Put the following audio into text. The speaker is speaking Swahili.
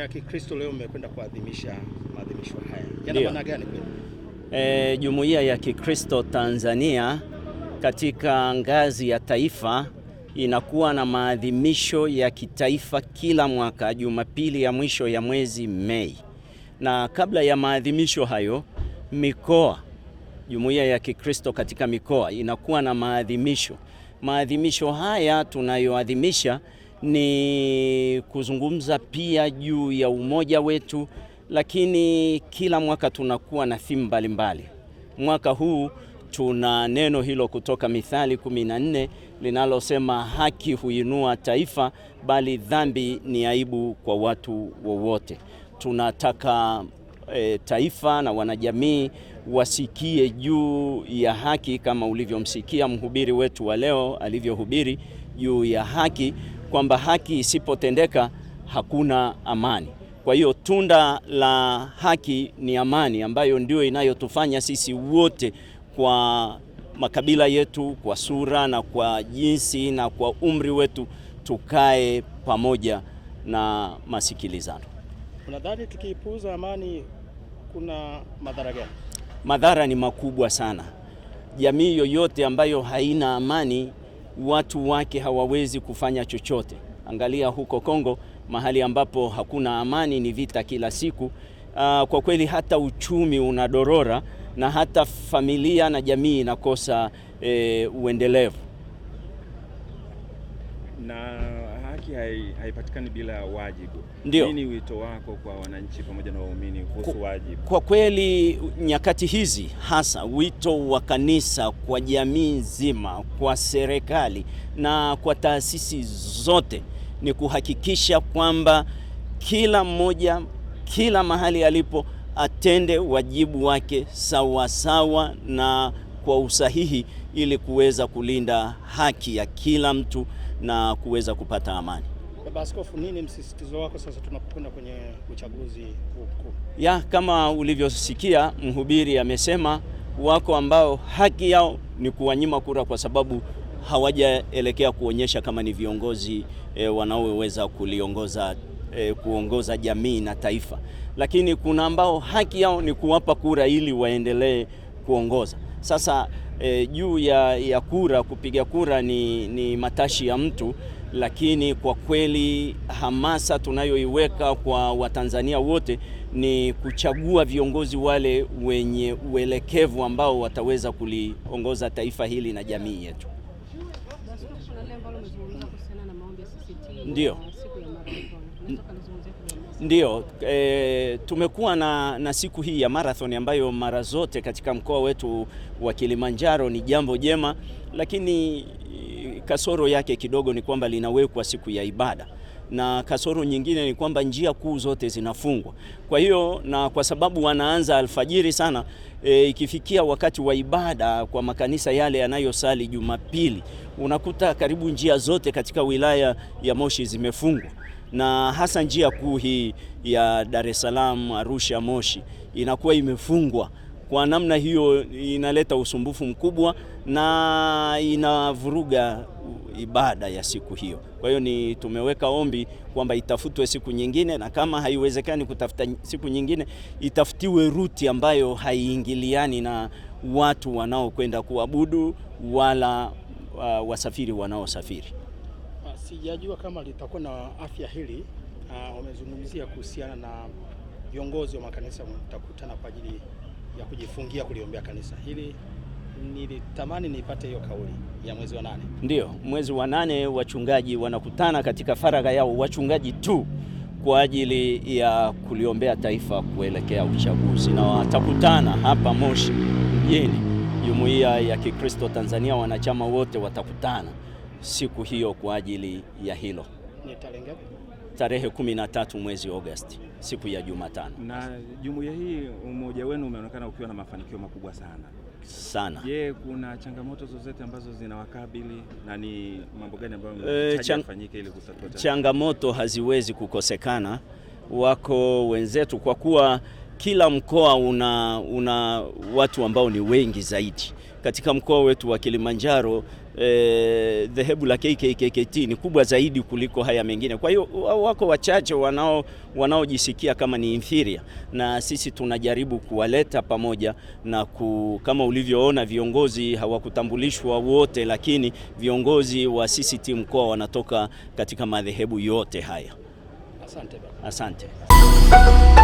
ya Kikristo leo mmekwenda kuadhimisha maadhimisho haya. Yana maana gani kwenu? E, Jumuiya ya Kikristo Tanzania katika ngazi ya taifa inakuwa na maadhimisho ya kitaifa kila mwaka Jumapili ya mwisho ya mwezi Mei. Na kabla ya maadhimisho hayo, mikoa, Jumuiya ya Kikristo katika mikoa inakuwa na maadhimisho. Maadhimisho haya tunayoadhimisha ni kuzungumza pia juu ya umoja wetu, lakini kila mwaka tunakuwa na thimu mbalimbali. Mwaka huu tuna neno hilo kutoka Mithali 14 linalosema haki huinua taifa, bali dhambi ni aibu kwa watu wowote. Tunataka e, taifa na wanajamii wasikie juu ya haki, kama ulivyomsikia mhubiri wetu wa leo alivyohubiri juu ya haki kwamba haki isipotendeka hakuna amani. Kwa hiyo tunda la haki ni amani, ambayo ndio inayotufanya sisi wote kwa makabila yetu, kwa sura na kwa jinsi na kwa umri wetu tukae pamoja na masikilizano. Unadhani tukiipuuza amani kuna madhara gani? Madhara ni makubwa sana. Jamii yoyote ambayo haina amani watu wake hawawezi kufanya chochote. Angalia huko Kongo, mahali ambapo hakuna amani, ni vita kila siku. Aa, ah, kwa kweli hata uchumi unadorora na hata familia na jamii inakosa e, uendelevu na haki haipatikani bila wajibu. Ndio. Nini wito wako kwa wananchi pamoja na waumini kuhusu wajibu? Kwa kweli nyakati hizi hasa wito wa kanisa kwa jamii nzima, kwa serikali na kwa taasisi zote ni kuhakikisha kwamba kila mmoja, kila mahali alipo atende wajibu wake sawasawa sawa na kwa usahihi ili kuweza kulinda haki ya kila mtu na kuweza kupata amani. Baba Askofu, nini msisitizo wako sasa tunapokwenda kwenye uchaguzi mkuu? Ya, kama ulivyosikia mhubiri amesema wako ambao haki yao ni kuwanyima kura kwa sababu hawajaelekea kuonyesha kama ni viongozi e, wanaoweza kuliongoza e, kuongoza jamii na taifa, lakini kuna ambao haki yao ni kuwapa kura ili waendelee kuongoza. Sasa e, juu ya, ya kura kupiga kura ni, ni matashi ya mtu, lakini kwa kweli hamasa tunayoiweka kwa Watanzania wote ni kuchagua viongozi wale wenye uelekevu ambao wataweza kuliongoza taifa hili na jamii yetu. Ndio. Ndiyo, e, tumekuwa na, na siku hii ya marathon ambayo mara zote katika mkoa wetu wa Kilimanjaro ni jambo jema, lakini e, kasoro yake kidogo ni kwamba linawekwa siku ya ibada na kasoro nyingine ni kwamba njia kuu zote zinafungwa. Kwa hiyo na kwa sababu wanaanza alfajiri sana e, ikifikia wakati wa ibada kwa makanisa yale yanayosali Jumapili, unakuta karibu njia zote katika wilaya ya Moshi zimefungwa na hasa njia kuu hii ya Dar es Salaam, Arusha, Moshi inakuwa imefungwa. Kwa namna hiyo inaleta usumbufu mkubwa na inavuruga ibada ya siku hiyo. Kwa hiyo ni tumeweka ombi kwamba itafutwe siku nyingine, na kama haiwezekani kutafuta siku nyingine, itafutiwe ruti ambayo haiingiliani na watu wanaokwenda kuabudu wala uh, wasafiri wanaosafiri. Ah, sijajua kama litakuwa na afya hili. Ah, wamezungumzia kuhusiana na viongozi wa makanisa mtakutana kwa ajili ya kujifungia kuliombea kanisa hili. Nilitamani nipate hiyo kauli ya mwezi wa nane. ndio mwezi wa nane wachungaji wanakutana katika faragha yao, wachungaji tu kwa ajili ya kuliombea taifa kuelekea uchaguzi, na watakutana hapa Moshi mjini. Jumuiya ya Kikristo Tanzania wanachama wote watakutana siku hiyo kwa ajili ya hilo. Ni tarehe ngapi? Tarehe 13 mwezi Agosti, siku ya Jumatano. Na jumuiya hii, umoja wenu umeonekana ukiwa na mafanikio makubwa sana sana. Je, kuna changamoto zozote ambazo zinawakabili na ni mambo gani ambayo e, ili kutatua changamoto? Haziwezi kukosekana, wako wenzetu kwa kuwa kila mkoa una, una watu ambao ni wengi zaidi. Katika mkoa wetu wa Kilimanjaro eh, dhehebu la KKKT ni kubwa zaidi kuliko haya mengine. Kwa hiyo wako wachache wanao wanaojisikia kama ni inferior, na sisi tunajaribu kuwaleta pamoja na ku, kama ulivyoona viongozi hawakutambulishwa wote, lakini viongozi wa CCT mkoa wanatoka katika madhehebu yote haya. Asante. Asante.